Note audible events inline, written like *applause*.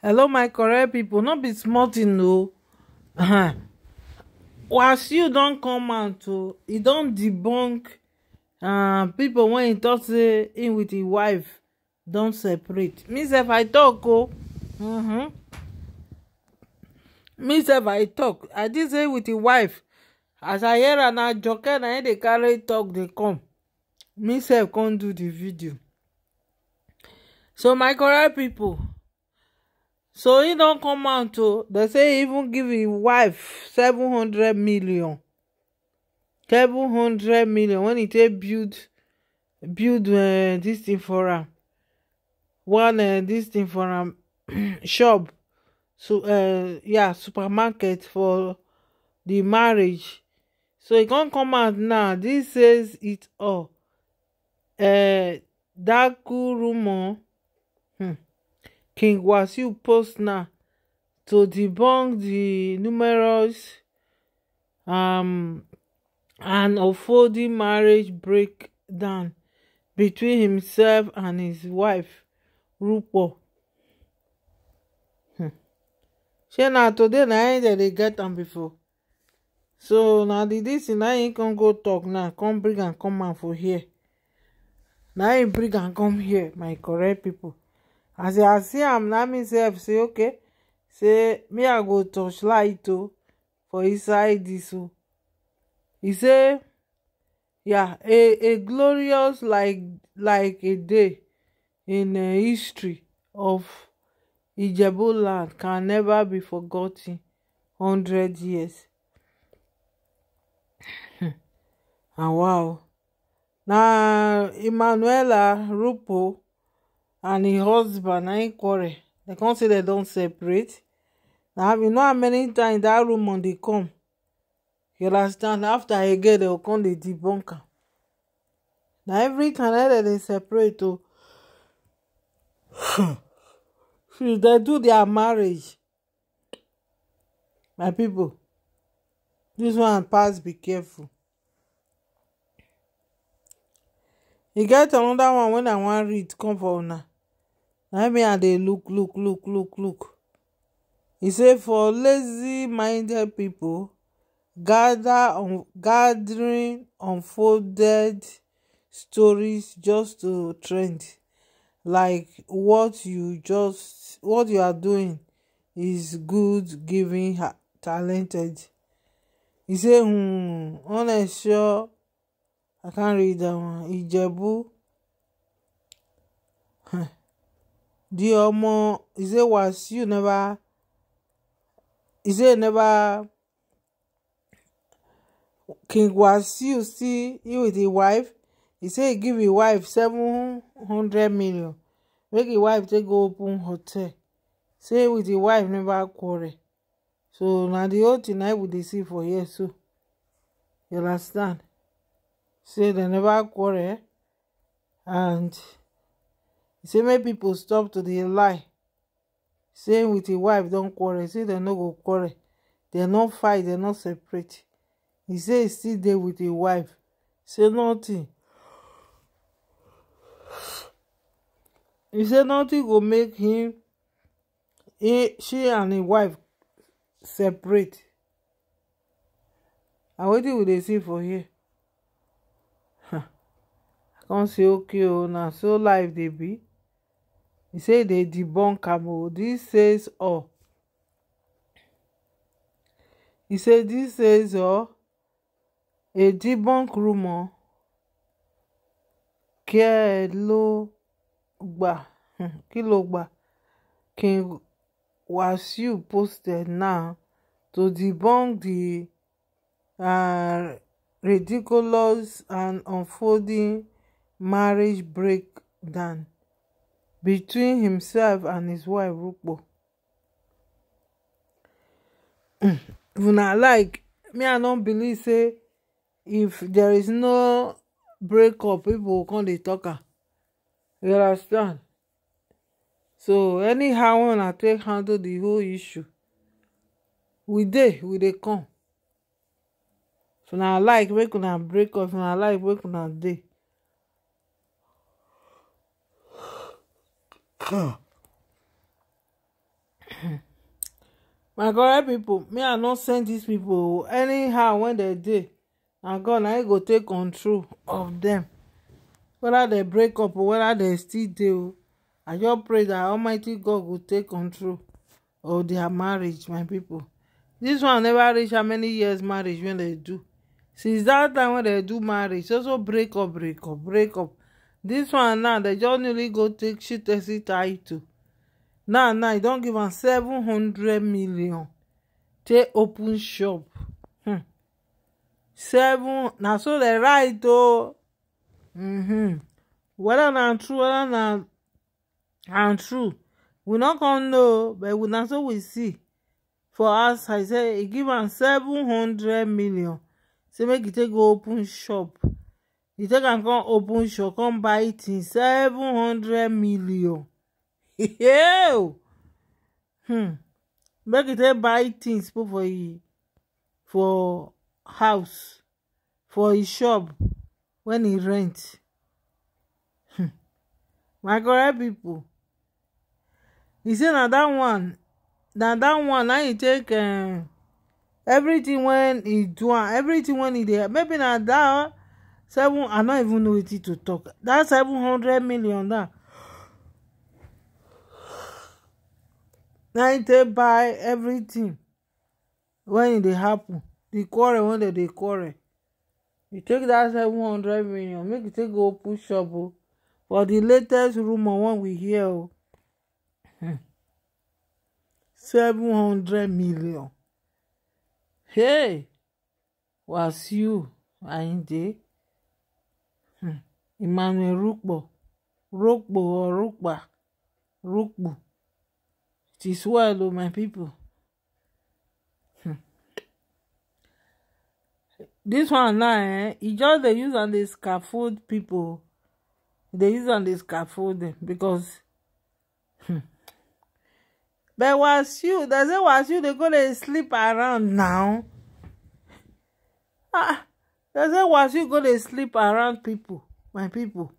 hello my correct people. no be small tin o you don come out o oh, e don debunk um, people when e tok say him with his wife don separate me sef i talk, o oh. mm-hmm. me sef i talk. i did say with his wife as i hear am na joke na him dey carry talk dey come me sef come do the video so my correct people so he don't come out o They say e even give his wife seven hundred million seven hundred million when he take build build dis eh, thing for am one eh, this thing for am *clears throat* shop so eh, yeah supermarket for the marriage so he can't come out now This says it all Uh, daku rumor hmm king wasiu post now to debunk the numerous um, and unfolding marriage breakdown between himself and his wife rupo shey hmm. na today na im dem dey get am before so na the dis thing na im come go talk now come bring am come am for here na im bring am come here my correct people as i see am na me sef say okay say me i go touch light o oh, for inside dis o oh. e say yeah a a glorious like like a day in uh, history of Ijebu land can never be forgotten hundred years *laughs* and wow na Emmanuela Rupo and im husband na im quarrel dem come say dem don separate na you know how many times dat rumour dey come you understand after again dem go come dey debunk am na every time dem dey separate o should dem do their marriage my people, this one pass be careful e get another one wen i wan read come for una na im me i dey look look look look look e say for lazy minded people, gather on gathering unfolded stories just to trend like what you just what you are doing is good giving talented e say hmm honest sure. I can't read that one. Ijebu. you Omo. Is it was you never? Is it never? King was you see you with his wife. He said give your wife seven hundred million. Make your wife take go open hotel. Say with your wife never quarrel. So now the whole tonight I would see for here so. You understand? say they never quarrel and say make people stop to the lie say with the wife don quarrel say they no go quarrel they no fight they no separate He say he still dey with the wife say nothing He say nothing go make him he, she and im wife separate and wetin we dey see for here come say okay o na so life dey be e say e dey debunk am o dis says all oh. e say dis says all oh, a debunk rumour kí ẹ ló gbà *laughs* kí ló gbà King Wasiu posted now to debunk the uh, ridiculous and unfolding marriage breakdown between himself and his wife Rukpo. *clears throat* una like me i don believe say if there is no breakup people go come dey tok am you understand so anyhow when una take handle the whole issue we dey we dey come so na like make una break up na like make una dey *clears throat* my God, people, me i not send these people oh. anyhow when they dey and god I go take control of them, whether they break up or whether they still do. Oh. I just pray that almighty god will take control of their marriage my people. This one never reach how many years marriage when they do since that time when they do marriage also break up break up break up dis one now dem just newly go take chitesi title now now e don give am 700 million take open shop hmm seven na so dem right o hmm whether na true whether na and true we no come know but na so we see for us i say e give am 700 million say make e take go open shop He take am come open shop come buy things seven hundred million *laughs* yeah. hmm. make e take buy things put for e for house for e shop when e rent hmm. my correct pipo e say na dat one na dat one na e take um, everything wen e do am everything wen e dey maybe na dat seven i no even know wetin to talk that seven hundred million now na im take buy everything when e dey happen the quarrel when dem dey quarrel you take that seven hundred million make you take go open shop o oh. for the latest rumour wey we hear o oh. *laughs* seven hundred million hey was Wasiu Ayinde um emmanuel rukpo rokpo or rokpa rokpo it is well o oh, my people um this one now eh It e just they use am dey scaffold people They e use am dey scaffold dem because um but Does it say you? They go to sleep around now ah dem say you go dey sleep around people, my people?